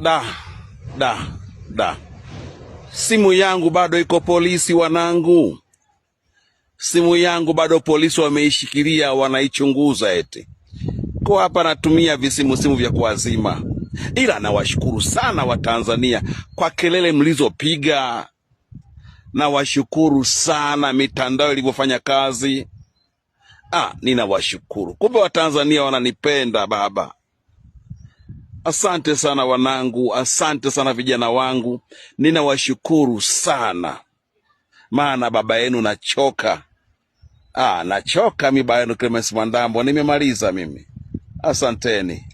Da, da, da, simu yangu bado iko polisi, wanangu. Simu yangu bado polisi wameishikilia, wanaichunguza eti ko hapa natumia visimu simu vya kuwazima, ila nawashukuru sana Watanzania kwa kelele mlizopiga. Nawashukuru sana mitandao ilivyofanya kazi. Ah, ninawashukuru. Kumbe Watanzania wananipenda baba. Asante sana wanangu, asante sana vijana wangu, ninawashukuru sana, maana baba yenu nachoka. Ah, nachoka mi baba yenu Clemens Mwandambo, nimemaliza mimi. Asanteni.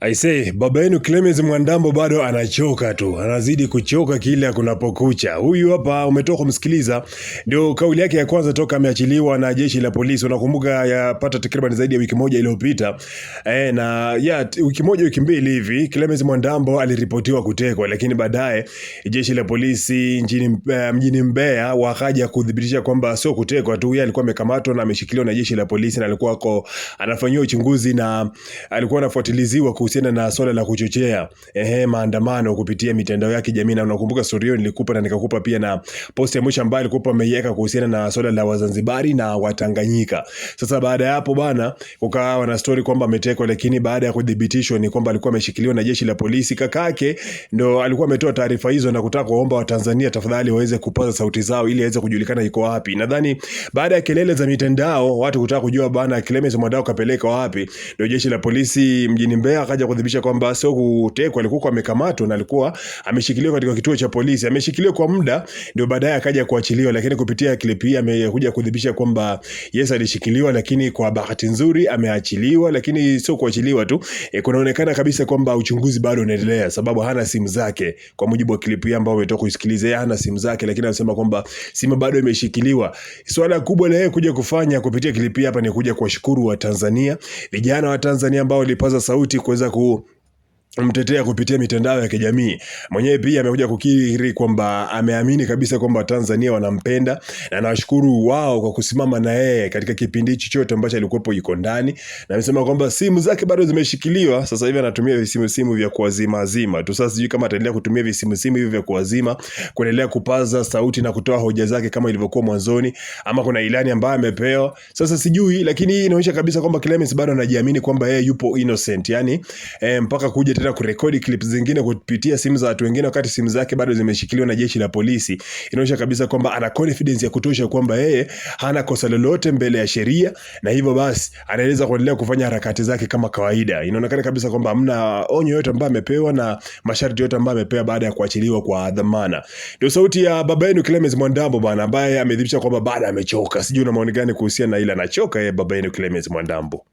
Aisee, baba yenu Clemens Mwandambo bado anachoka tu, anazidi kuchoka kila kunapokucha. Huyu hapa umetoka kumsikiliza, ndio kauli yake ya kwanza toka ameachiliwa na jeshi la polisi. Unakumbuka yapata takriban zaidi ya wiki moja iliyopita e, na ya wiki moja wiki mbili hivi Clemens Mwandambo aliripotiwa kutekwa, lakini baadaye jeshi la polisi nchini eh, mjini Mbeya wakaja kudhibitisha kwamba sio kutekwa tu, yeye alikuwa amekamatwa na ameshikiliwa na jeshi la polisi na alikuwa ako anafanyiwa uchunguzi na alikuwa anafuatiliziwa ku kuhusiana na swala la kuchochea ehe, maandamano kupitia mitandao ya kijamii, na unakumbuka story hiyo nilikupa na nikakupa pia na post ya mwisho ambayo alikupa ameiweka kuhusiana na swala la Wazanzibari na Watanganyika. Sasa baada ya hapo bana, kukawa na story kwamba ametekwa, lakini baada ya kudhibitishwa ni kwamba alikuwa ameshikiliwa na jeshi la polisi. Kakake ndo alikuwa ametoa taarifa hizo na kutaka kuomba Watanzania tafadhali waweze kupaza sauti zao ili aweze kujulikana yuko wapi. Nadhani baada ya kelele za mitandao, watu kutaka kujua bana Clemence Mwandao kapeleka wapi, ndio jeshi la polisi mjini Mbeya akaja kudhibitisha kwamba sio kutekwa, alikuwa amekamatwa na alikuwa ameshikiliwa katika kituo cha polisi, ameshikiliwa kwa muda, ndio baadaye akaja kuachiliwa. Lakini kupitia clip hii amekuja kudhibitisha kwamba yes, alishikiliwa, lakini kwa bahati nzuri ameachiliwa. Lakini sio kuachiliwa tu e, kunaonekana kabisa kwamba uchunguzi bado unaendelea, sababu hana simu zake, kwa mujibu wa clip hii ambayo umetoka kusikiliza, hana simu zake, lakini anasema kwamba simu bado imeshikiliwa. Swala kubwa la yeye kuja kufanya kupitia clip hii hapa ni kuja kuwashukuru wa Tanzania, vijana wa Tanzania ambao walipaza sauti kuweza estragou mtetea kupitia mitandao ya kijamii. Mwenyewe pia amekuja kukiri kwamba ameamini kabisa kwamba Tanzania wanampenda na anawashukuru wao kwa kusimama na yeye katika kipindi hicho chote ambacho alikuwepo yuko ndani, na amesema kwamba simu zake bado zimeshikiliwa. Sasa hivi anatumia visimu simu vya kuwazima azima tu. Sasa sijui kama ataendelea kutumia visimu simu hivi vya kuwazima kuendelea kupaza sauti na kutoa hoja zake kama ilivyokuwa mwanzoni, ama kuna ilani ambayo amepewa sasa sijui, lakini hii inaonyesha kabisa kwamba Clemens bado anajiamini kwamba yeye yupo innocent, yani e, eh, mpaka kuja tena kurekodi clip zingine kupitia simu za watu wengine, wakati simu zake bado zimeshikiliwa na jeshi la polisi. Inaonyesha kabisa kwamba ana confidence ya kutosha kwamba yeye hana kosa lolote mbele ya sheria, na hivyo basi anaweza kuendelea kufanya harakati zake kama kawaida. Inaonekana kabisa kwamba hamna onyo yote ambayo amepewa na masharti yote ambayo amepewa baada ya kuachiliwa kwa dhamana. Ndio sauti ya baba yenu Clemens Mwandambo bwana, ambaye amedhibitisha kwamba bado amechoka. Sijui una maoni gani kuhusiana na ile anachoka yeye baba yenu Clemens Mwandambo?